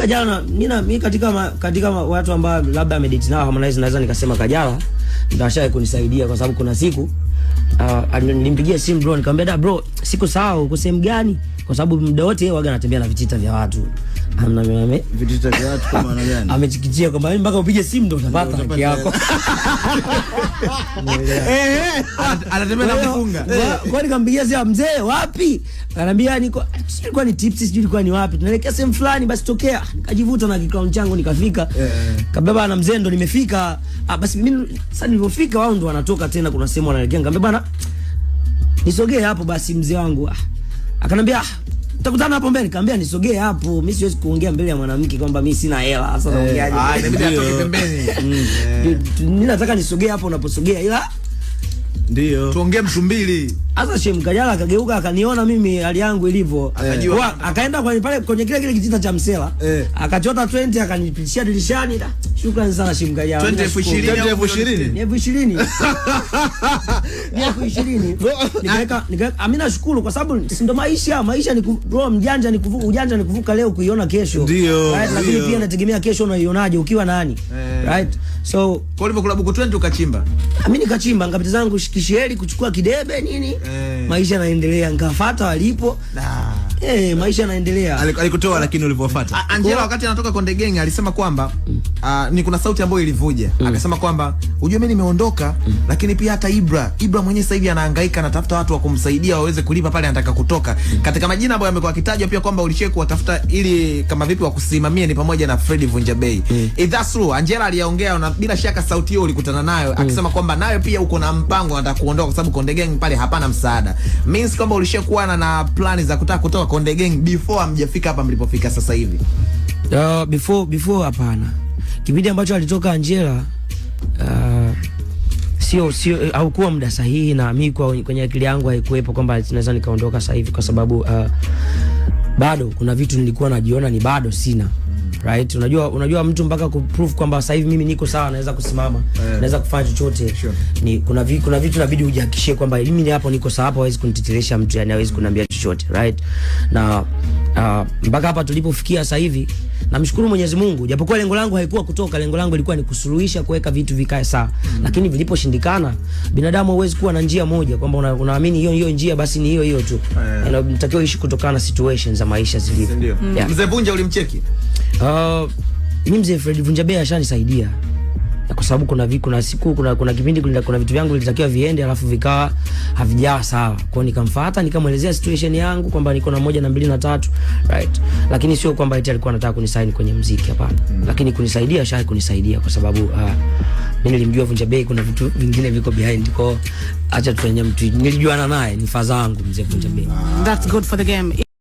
Kajala mimi mimi katika ma, katika ma, watu ambao labda amedate nao Harmonize, naweza nikasema Kajala ndashaye kunisaidia kwa sababu kuna siku uh, ah, nilimpigia simu bro nikamwambia da bro, siku sawa uko sehemu gani? kwa sababu muda wote yeye waga anatembea na vitita vya watu amna mimi ame vitita vya watu kwa maana gani amechikichia kwamba mimi mpaka upige simu ndo utapata haki yako eh eh anatembea na mfunga kwa eh. kambigia sasa mzee wapi ananiambia niko sijui ni tips sijui ilikuwa ni wapi tunaelekea sehemu fulani basi tokea nikajivuta na kikao changu nikafika eh, eh. kabeba na mzee ndo nimefika ah basi mimi sasa nilipofika wao ndo wanatoka tena kuna sehemu wanaelekea nikamwambia bana nisogee hapo basi mzee wangu ah Akanambia, ah, takutana hapo mbele." Kaambia, "Nisogee hapo. Mimi siwezi kuongea mbele ya mwanamke kwamba mimi sina hela." Sasa eh, naongeaje? Ah, mm. eh. Mimi nataka nisogee hapo unaposogea ila ndio Tuongee mtu mbili. Sasa Shem Kajala akageuka akaniona mimi hali yangu ilivyo. Eh. Akajua. Akaenda kwenye pale kwenye kile kile kitita cha msela. Eh. Akachota 20 akanipitishia dirishani da. Shukrani sana Shem Kajala. 20 elfu 20. 20 elfu 20. miaka ishirini mimi ah, nashukuru kwa sababu si ndo maisha. Maisha ni bro, mjanja ni kuvuka, ujanja ni kuvuka leo kuiona kesho, ndio right? Lakini pia nategemea kesho unaionaje ukiwa nani, eh, right? So kwa hivyo klabu kwa 20 ukachimba, mimi ah, nikachimba ngapita zangu kisheli kuchukua kidebe nini, eh, maisha yanaendelea, nikafuata walipo nah. Eh, maisha yanaendelea. Alikutoa lakini ulivyofuata. Angela wakati anatoka Konde Gang alisema kwamba uh, ni kuna sauti ambayo ilivuja. Mm. Akasema kwamba unajua mimi nimeondoka mm. lakini pia hata Ibra, Ibra mwenyewe sasa hivi anahangaika anatafuta watu wa kumsaidia waweze kulipa pale anataka kutoka. Mm. Katika majina ambayo yamekuwa kitajwa pia kwamba ulicheki kuwatafuta ili kama vipi wa kusimamia ni pamoja na Fred Vunja Bay. Mm. If that's true, Angela aliyaongea na bila shaka sauti hiyo ulikutana nayo mm. akisema kwamba nayo pia uko na mpango anataka kuondoka kwa sababu Konde Gang pale hapana msaada. Means kwamba ulishakuwa kuwa na plani za kutaka kutoka Konde Gang before amjafika hapa mlipofika sasa hivi? Uh, before before hapana. Kipindi ambacho alitoka Angela uh, sio sio haukuwa muda sahihi, na mimi kwa kwenye akili yangu haikuwepo kwamba naweza nikaondoka sasa hivi, kwa sababu uh, bado kuna vitu nilikuwa najiona ni bado sina right? Unajua, unajua mtu mpaka kuprove kwamba sasa hivi mimi niko sawa, naweza kusimama yeah. naweza kufanya chochote sure. ni kuna vi, kuna vitu inabidi ujihakishie kwamba mimi ni hapo niko sawa, hapo hawezi kuniteteresha mtu, yani hawezi kuniambia chochote right? na uh, mpaka hapa tulipofikia sasa hivi namshukuru Mwenyezi Mungu, japokuwa lengo langu haikuwa kutoka, lengo langu ilikuwa ni kusuluhisha, kuweka vitu vikae sawa mm -hmm. Lakini viliposhindikana, binadamu hawezi kuwa na njia moja kwamba unaamini hiyo hiyo njia basi ni hiyo hiyo tu, eh. yaani, unatakiwa yeah. ishi kutokana na situations za maisha zilivyo. Mzee Vunja ulimcheki? Uh, mi mzee Fred Vunja Bei ashanisaidia kwa sababu kuna, kuna siku kuna, kuna kipindi kuna, kuna vitu vyangu vilitakiwa viende alafu vikawa havijaa sawa kwao, nikamfuata nikamwelezea situation yangu kwamba niko na moja na mbili na tatu right, lakini sio kwamba eti alikuwa anataka kunisaini kwenye muziki hapana, mm. lakini kunisaidia shai kunisaidia kwa sababu uh, mimi nilimjua Vunja Bei, kuna vitu vingine viko behind kwao, acha tufanye mtu nilijuana naye ni fadha yangu mzee Vunja Bei, that's good for the game.